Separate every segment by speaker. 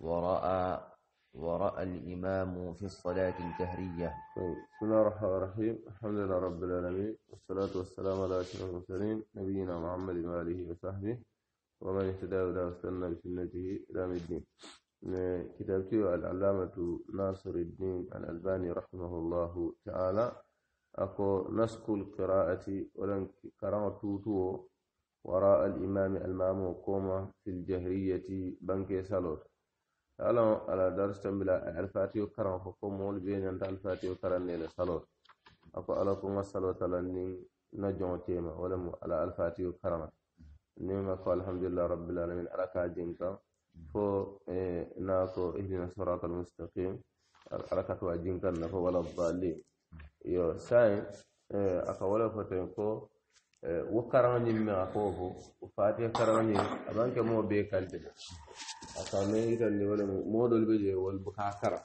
Speaker 1: ورأى ورأى الإمام في الصلاة الجهرية طيب، بسم الله الرحمن الرحيم الحمد لله رب العالمين والصلاة والسلام على أشرف المرسلين
Speaker 2: نبينا محمد وآله وصحبه ومن اهتدى بهداه واستنى بسنته إلى الدين كتابتي العلامة ناصر الدين الألباني رحمه الله تعالى أكو نسك القراءة ولن توتو وراء الإمام المامو كوما في الجهرية بنك سالوت الان على درس تملا الفاتيو كرام فكم مول بين عند الفاتيو كرام نيل سلو أكو على كم سلو تلني نجوم تيما ولا على الفاتيو كرام نيم أكو الحمد لله رب العالمين على كاجينكا فو ناكو إهدينا الصراط المستقيم على كاتو أجينكا نفو ولا الضالين يو ساين أكو ولا فتنكو wo karaŋoñiŋ meŋ a ko fo wo faatiya karaŋoñiŋ a maŋ ke moo bee kante de a ka meŋ yitandi wo lemu moo doolu be je wolu buka kara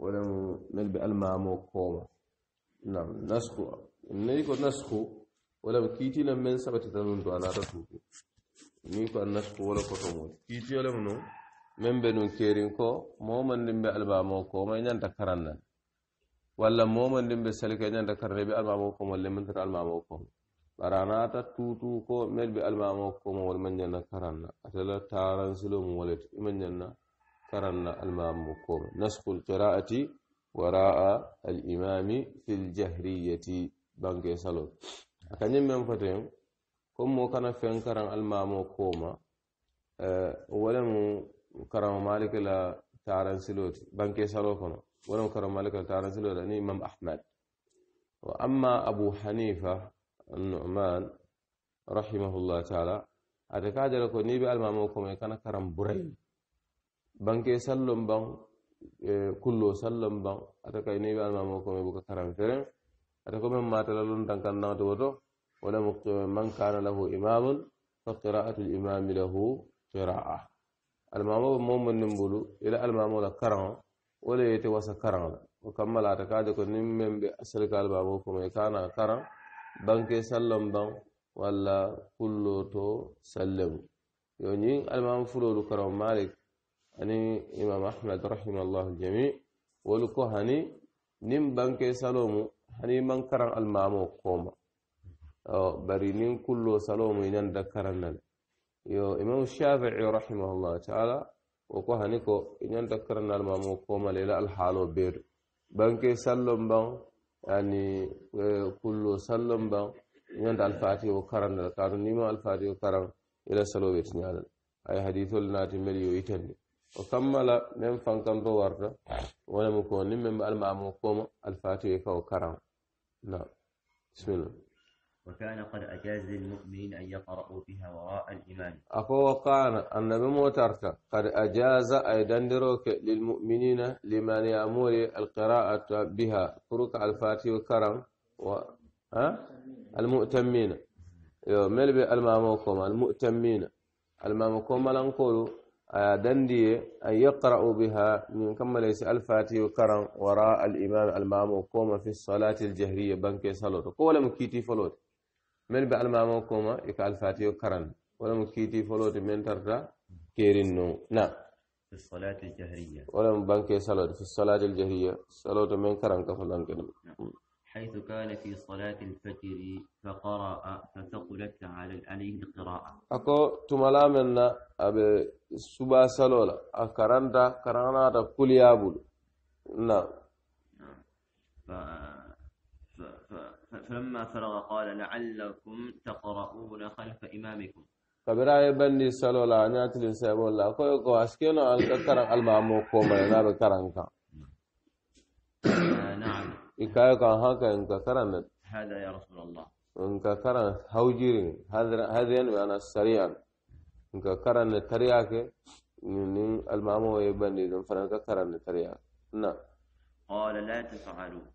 Speaker 2: wo lemu nelu be alimamoo kooma nam nasku nayi ko nasku wo lemu kiiti lemu meŋ sabatita nuŋ to a naata tuuku niŋ ko a nasku wo le koto mu kiitiyo lemu nuŋ meŋ be nuŋ keeriŋ ko moo maŋ niŋ be alimamoo kooma i ñanta karaŋ na walla momon ɗin ɓe sali ke ñanda karne ɓe almamo komo le mentata almamo komo bara anata tutu ko mel ɓe almamo komo wol man ñanna karanna atala taransilo mum walet iman ñanna karanna almamo komo nasku lqiraati wara'a al imami fi ljahriyati banke salo akañin men foten comme mo kana fen karan almamo koma wolemu karama malik la taransilo ti banke salo kono ولم كرم مالك تعالى إمام أحمد وأما أبو حنيفة النعمان رحمه الله تعالى هذا كاد يكون نبي المامكم كان كرم بري بنك سلم بن كل سلم بن هذا كاد نبي المامكم يبقى كرم فرن هذا كم ما تلون تنكرنا دوره ولا من كان له إمام فقراءة الإمام له قراءة المامو مؤمن نبلو إلى المامو لكرم ولا يتواصل كرنا وكمل أعتقادك نم من بأسرك على بابكم يكانا كرنا بنك سلم بنك ولا كل تو سلم يعني الإمام فلول كرام مالك أني إمام أحمد رحمه الله الجميع ولكو هني نم بنك سلم هني من كرنا الإمام قوما بري نم كل سلم ينذكرنا يو إمام الشافعي رحمه الله تعالى woko hani ko iñanta karanal mamu komal ila alhaalo beetu banke sallon ban yani kullo sallon ban iñanta alfatiha o karandal kaatu nima alfatiha o karan ila saloɓe tiñalal ay hadisol naati mel yo yitandi o kammala men fankanto warta wonemo ko ni men mbe almamu koma alfatiha ka o karan na bisimillah
Speaker 1: وكان قد أجاز للمؤمنين أن يقرؤوا بها وراء الإمام
Speaker 2: أقول وقعنا أن بموترك قد أجاز أي دندروك للمؤمنين لمن يأمر القراءة بها كرك الفاتي وكرم و... ها؟ المؤتمين مل بالمامكم المؤتمين المامكم لنقولوا دندي أن يقرأوا بها من كم ليس الفاتي وكرم وراء الإمام المامكم في الصلاة الجهرية بنكي صلوته قول مكيتي فلوتي من بعلم ما مكوما يفعل فاتيو كرن ولا مكيتي فلوت من ترتا كيرينو نا
Speaker 1: في الصلاة الجهرية
Speaker 2: ولا مبنك صلاة في الصلاة الجهرية صلاة من كرن كفلان كرن
Speaker 1: حيث كان في صلاة الفجر فقرأ فثقلت على عليه القراءة
Speaker 2: أكو تملا منا أبي سبا سلولا دا كرانا كل يابل نعم نعم
Speaker 1: فلما فرغ قال لعلكم تقرؤون خلف إمامكم
Speaker 2: فبرا يبني سلو لا نات لي سبو لا كو كو اسكينو ان كتر المامو كو ما نارو كرانكا
Speaker 1: آه، نعم يكاي كا هذا يا رسول الله
Speaker 2: ان كرا هوجير هذا هذا ين وانا سريع ان كرا نترياك ني المامو يبني دم فرانكا كرا نتريا نعم
Speaker 1: قال لا تفعلوا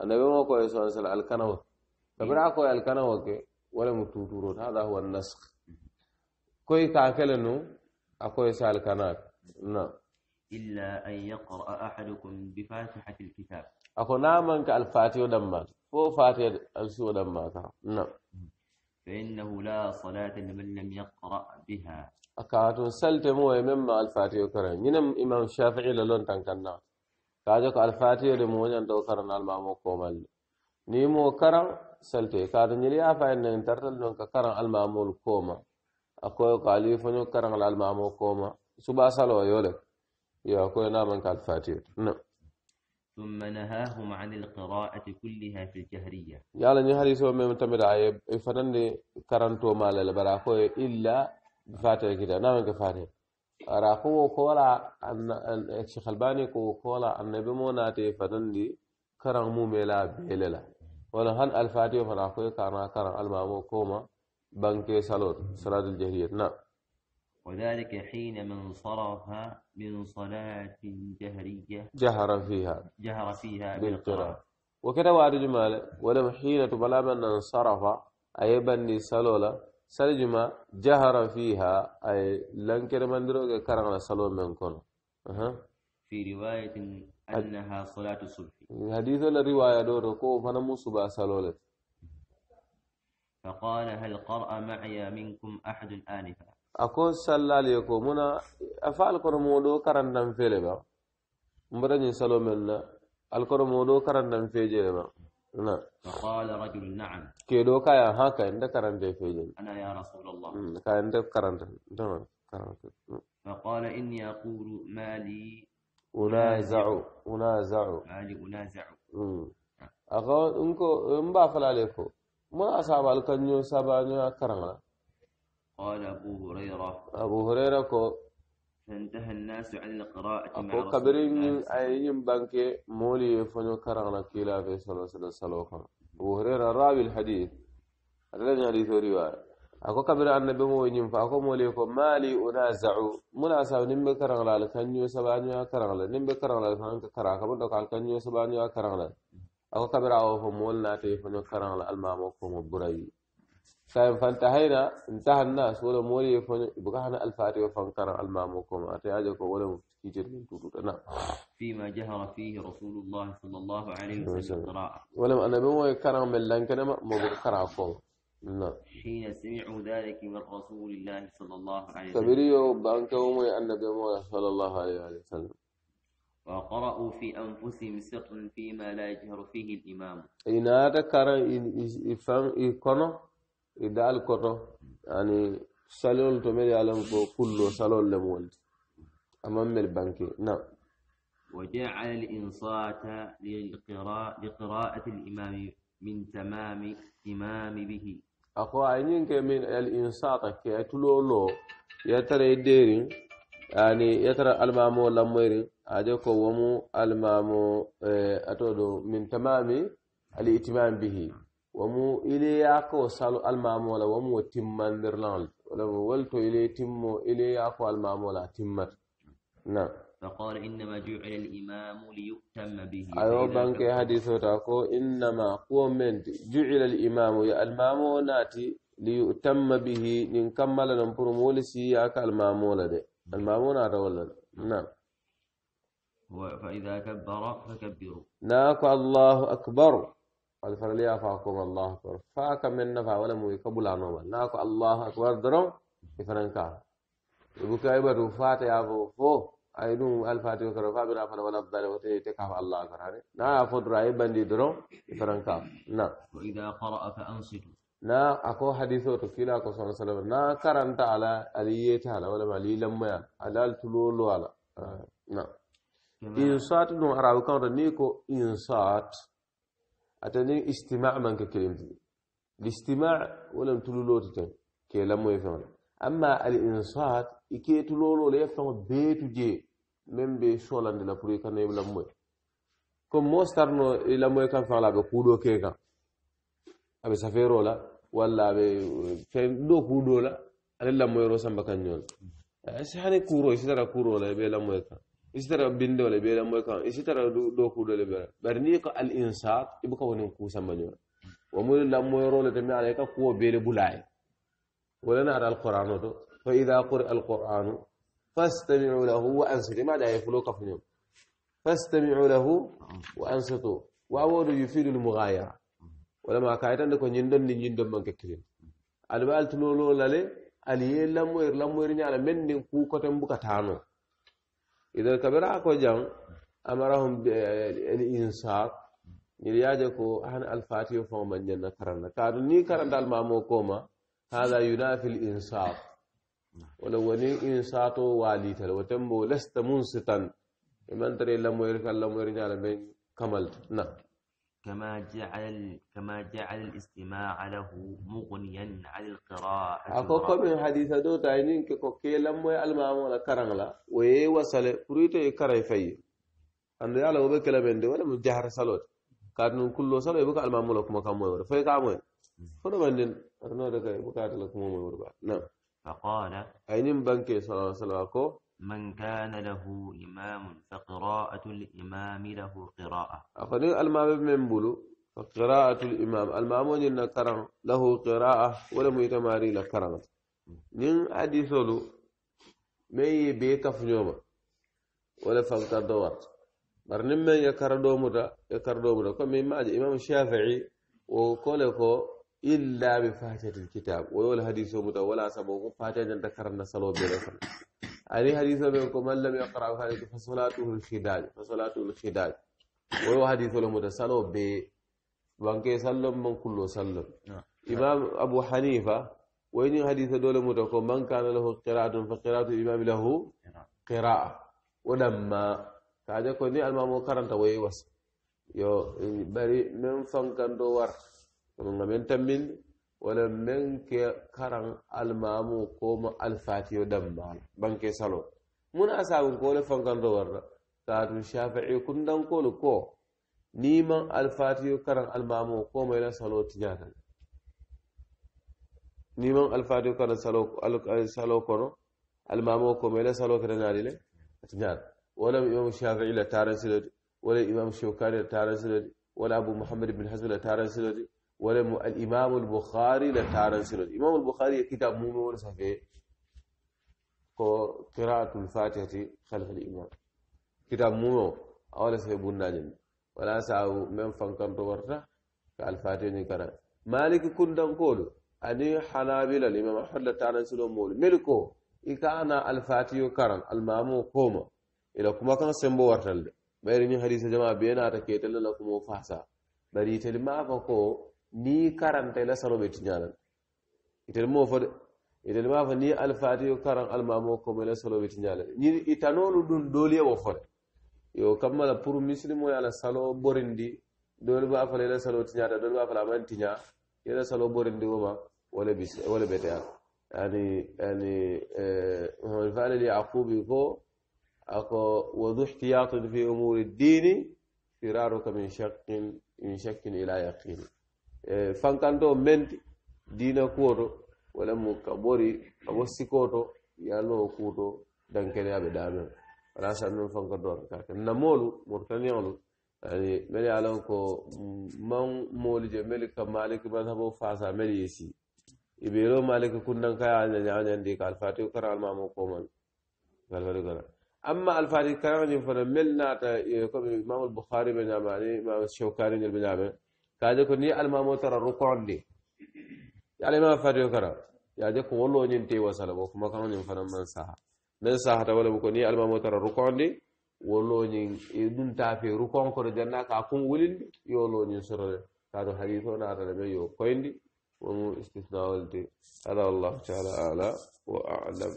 Speaker 2: النبي ما قال صلى الله عليه وسلم الكنوة تبرع قال الكنوة كي ولا متوتورون هذا هو النسخ كوي كاكلنو أكوي سال كناك نعم إلا أن يقرأ أحدكم بفاتحة الكتاب أكو نامنك نعم الفاتحة دمك فو فاتحة السو دمك نعم
Speaker 1: فإنه لا صلاة لمن لم يقرأ بها
Speaker 2: اكاد أكاتو مو مما الفاتحة كره ينم إمام الشافعي لون تنكنا kaje ko alfatiyo de moñan taw saranal mamo komalle ni mo karan salte kaata ñili yafayen nen tartal ɗon ka karan almamol kooma akoyo ko ali foño karan al almamo kooma suba salo yole yo akoyo naman ka alfatiyo no
Speaker 1: ثم نهاهم عن القراءة كلها في الجهرية.
Speaker 2: يالا ني حديث ميم تمدا اي فنان كرانتو مال البراكو الا فاتحه كده نعم كفاتحه راقو خولا أن الشيخ الباني كو خولا النبي مو ناتي فدندي كرم مو ميلا بيللا ولا هن الفاتي فراقو كارنا كرم المامو كوما بنكي سالور سراد
Speaker 1: الجهرية نعم وذلك حين من صرف من صلاة جهرية جهر فيها جهر فيها بالقراءة
Speaker 2: وكذا وارد جمال ولم حين تبلا من صرف أي بني سالولا سالجما جهر فيها أي لنكر من دروك كرغنا صلو من كون أه. في رواية أنها صلاة الصبح حديث الرواية دور كو فنمو صبا صلولت
Speaker 1: فقال هل قرأ معي منكم أحد آنفا
Speaker 2: أكو صلى عليكم منا أفعل كرمودو كرندم فيلبا مبرني صلو منا الكرمودو كرندم فيجيبا نعم. فقال رجل نعم كيدو كايا هاكا عند كرن فيجن انا يا رسول الله كايا عند كرن
Speaker 1: فقال اني اقول ما لي انازع انازع ما لي انازع
Speaker 2: نعم. اقول انكو مبافل عليكو ما اصاب الكنيو سابانيو كرن قال ابو هريره ابو هريره كو
Speaker 1: فانتهى الناس عن القراءة مع رسول قبرين أيين بانك
Speaker 2: مولي فنو كرغنا كيلا في صلى الله عليه وسلم وهرير راوي الحديث هذا يعني حديث رواية أكو قبر أن النبي مو ينفع فأكو مولي كو مالي أنازع مناسا نمب كرغلا لكنيو سبانيو كرغلا نمب كرغلا لكن كرغلا كبر دوك على كنيو سبانيو كرغلا أكو قبر أو هم مول ناتي فنو كرغلا المامو كومو برأيي سايم فانتهينا انتهى الناس ولا مولي يبقى هنا الفاتحة فانكر الماموكم أتياجك ولا كتير من تدور نعم فيما جهر فيه رسول الله صلى الله عليه وسلم قراءة ولم أنا بما يكره من لنكنا ما بكره فوق نعم
Speaker 1: حين سمعوا ذلك من رسول الله صلى الله عليه وسلم تبريو بانكم النبي صلى الله عليه وسلم وقرأوا في أنفسهم سر فيما لا يجهر فيه الإمام
Speaker 2: إن هذا كان يفهم يكونه idal koto ani salol to عالم كو ko سالول salol le molti amam mel banke na
Speaker 1: وجعل الإنصات للقراء لقراءة الإمام من تمام إمام به أخو
Speaker 2: عينين من الإنصات كي أتلولو يترى الديرين يعني يترى المامو لمويرين أجوكو ومو المامو آه، أتودو من تمام الإتمام به ومو إلي ياكو سالو المامولا ومو تمان ولو ولتو إلي تمو إلي ياكو المامولا تمت نعم
Speaker 1: فقال إنما جعل الإمام ليؤتم به أيوة بانك
Speaker 2: حديث تاكو إنما قومنت جعل الإمام يا المامو ليؤتم به نكمل مولسي سياك المامولا دي المامو ناتا نعم
Speaker 1: فإذا كبر فكبروا
Speaker 2: ناكو الله أكبر قال فرلي فاكم الله أكبر فاك من نفع ولا مو يقبل نوما ناكو الله أكبر درو يفرنكا يبكى يبدو فاتي أبو فو أيدون الفاتي وكرا فابنا فلا ولا بل وتيتكاف الله أكبر نا أفضل رأي بندي درو يفرنكا نا وإذا قرأ فانصت نا اكو hadiso to kila صلى الله عليه وسلم نا كرنت على aliyeta ala ولا مالي maya alal tululu ala na insat no arabu kan ni ko أتني استماع من كلمتي الاستماع ولم تلولو تتن كي لم يفهم أما الإنصات إكي تلولو ليفهم بيتو جي من بي شولان دي لفوري كان يبلا موي كم موستر نو إلا موي كان فعلا بقودو كيكا أبي سفيرو لا ولا أبي فين دو قودو لا ألا موي روسان بكان نيول سيحاني كورو يسيطر كورو لا يبي لا موي كان isitara binde wala bela moy kan isitara do ku do le bela bari ni ko al insaf ibu ko wonin ku samba nyora wa mo la moy role de mi ala ka ko bele bulay wala na al qur'an do fa idha qira al qur'an fastami'u lahu wa ansitu ma da yafulu ka funyum fastami'u lahu wa ansitu wa wadu yufidu al mughayara wala ma kaytan ko nyindon ni nyindon man kekkilin al baltu lo lo lale al yelam moy lam moy ni ala men ni ku ko tan bukatano إذا كبر عقو جم أمرهم بالإنصاف يرياجه كو أهن الفاتيو فهم من جنة كرنا كارو ني كرن دال مامو كوما هذا ينافي الإنصاف ولو ني إنصاف والي تل وتمو لست منصتا من تري لمو يرك لمو يرجع لمن كملت نعم
Speaker 1: كما جعل كما جعل الاستماع له مغنيا عن القراءة أكو كم
Speaker 2: حديث دو تاينين كو كيلم عمل كرنا لا كرانلا وي وصل بريتو يكراي في أن يالا وبي كلامين دي ولا مجهر سلوت كارن كل صلو يبقى المامو عمل كم كم ما وي في كام وي فنو بندن أرنو
Speaker 1: كم ما يور بقى نعم فقال أينين بنك صلى الله عليه وسلم أكو من كان له إمام فقراءة الإمام له قراءة
Speaker 2: أقول المام من بلو فقراءة الإمام المامون إن كرم له قراءة ولم يتماري لكرم نين أدي سولو مي بيك فنيوما ولا فانك دوار برنم يكردومدا يكردومدا كم إمام إمام الشافعي وكولكو إلا بفاتحة الكتاب ولا حديثه ولا سبوه فاتحة أنت كرنا صلوة بلا علي حديث منكم من لم يقرأ هذه فصلاته الخداج فصلاته الخداج وهو حديث لهم تسلوا ب وانك يسلم من كل سلم نعم. إمام أبو حنيفة وين حديث دول متكم من كان له قراءة فقراءة الإمام له قراءة ولما كذا كوني الإمام قرن توي وس يو بري من فان كان دوار من غمين تمين wala men ke karan almamu ko ma alfatiyo dammal banke salo muna sabun ko le fankan do warra taatu shafi'i kundan ko ko ni man alfatiyo karan almamu ko ma ila salo tijata ni man alfatiyo karan salo al salo kono almamu ko ma ila salo karan nadile tijata wala imam shafi'i la taran silati wala imam shawkani la taran silati wala abu muhammad ibn hazm la taran silati ولم الإمام البخاري لتارن سيرو الإمام البخاري كتاب مو مومون سفي قراءة الفاتحة خلف الإمام كتاب مو أول سي بن بناجم ولا ساو من فنكم تورتا كالفاتحة كرا مالك كندن قولو أني حنابل الإمام أحمد لتارن سيرو مول ملكو إكانا الفاتحة كرن المامو كوما إلى كما كان سمبو ورتل بيرني حديث جماعة بينا تكيتل لكم فحصا بريتل ما فكو ni karanta ila salo be tiñanan itel mo fo de itel ma fo ni alfati yo karan almamo komo ila salo be tiñanan ñin itanolu ɗum dooliye wo fo de yo kammala pour misilimo ye ala salo borindi doolu ba fala ila salo tiñata doolu ba fala aman tiña ila salo borindi woma wala bis wala beteya يعني يعني هو الفعل اليعقوبي هو أكو وذو احتياط في أمور الدين فرارك من شك من شك إلى يقين fankanto menti dina kuwoto wala mu ka bori ka bo sikoto yaloo kuuto dankeneya ɓe damen wala san noon fankantoata kake namolu mortaniolu ani mbeɗe alan ko man moolu je mbeli ka maliki madhabo fasa mbeɗe yeesi ibero maliki kundan kaya ñañandi ka alfatihu kara almamo komal alfatihu kara amma alfatihu karañin fana mel naata comme imam albukhari ɓe ñamani imam shawkari ñel ɓe ñamen kaje ko ni almamo tara ruku'ndi alima fatiyo kara yaje ko wollo nyin te wasala bo kuma kan nyin fanan man saha nan saha ta wala ko ni almamo tara ruku'ndi wollo nyin dun ta fe rukon ko janna ka kun wulin yolo nyin sorore kado hadithu na ta be yo koyndi ومو استثناء والدي هذا الله تعالى أعلى وأعلم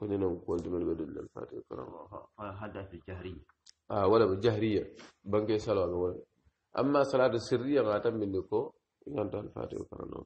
Speaker 2: كنا نقول دم البدل الفاتحة كرم الله
Speaker 1: هذا في الجهرية
Speaker 2: آه ولا بالجهرية بنك سلام ولا amma salatu sirriya ga tan min ko
Speaker 1: inganta alfatiha karano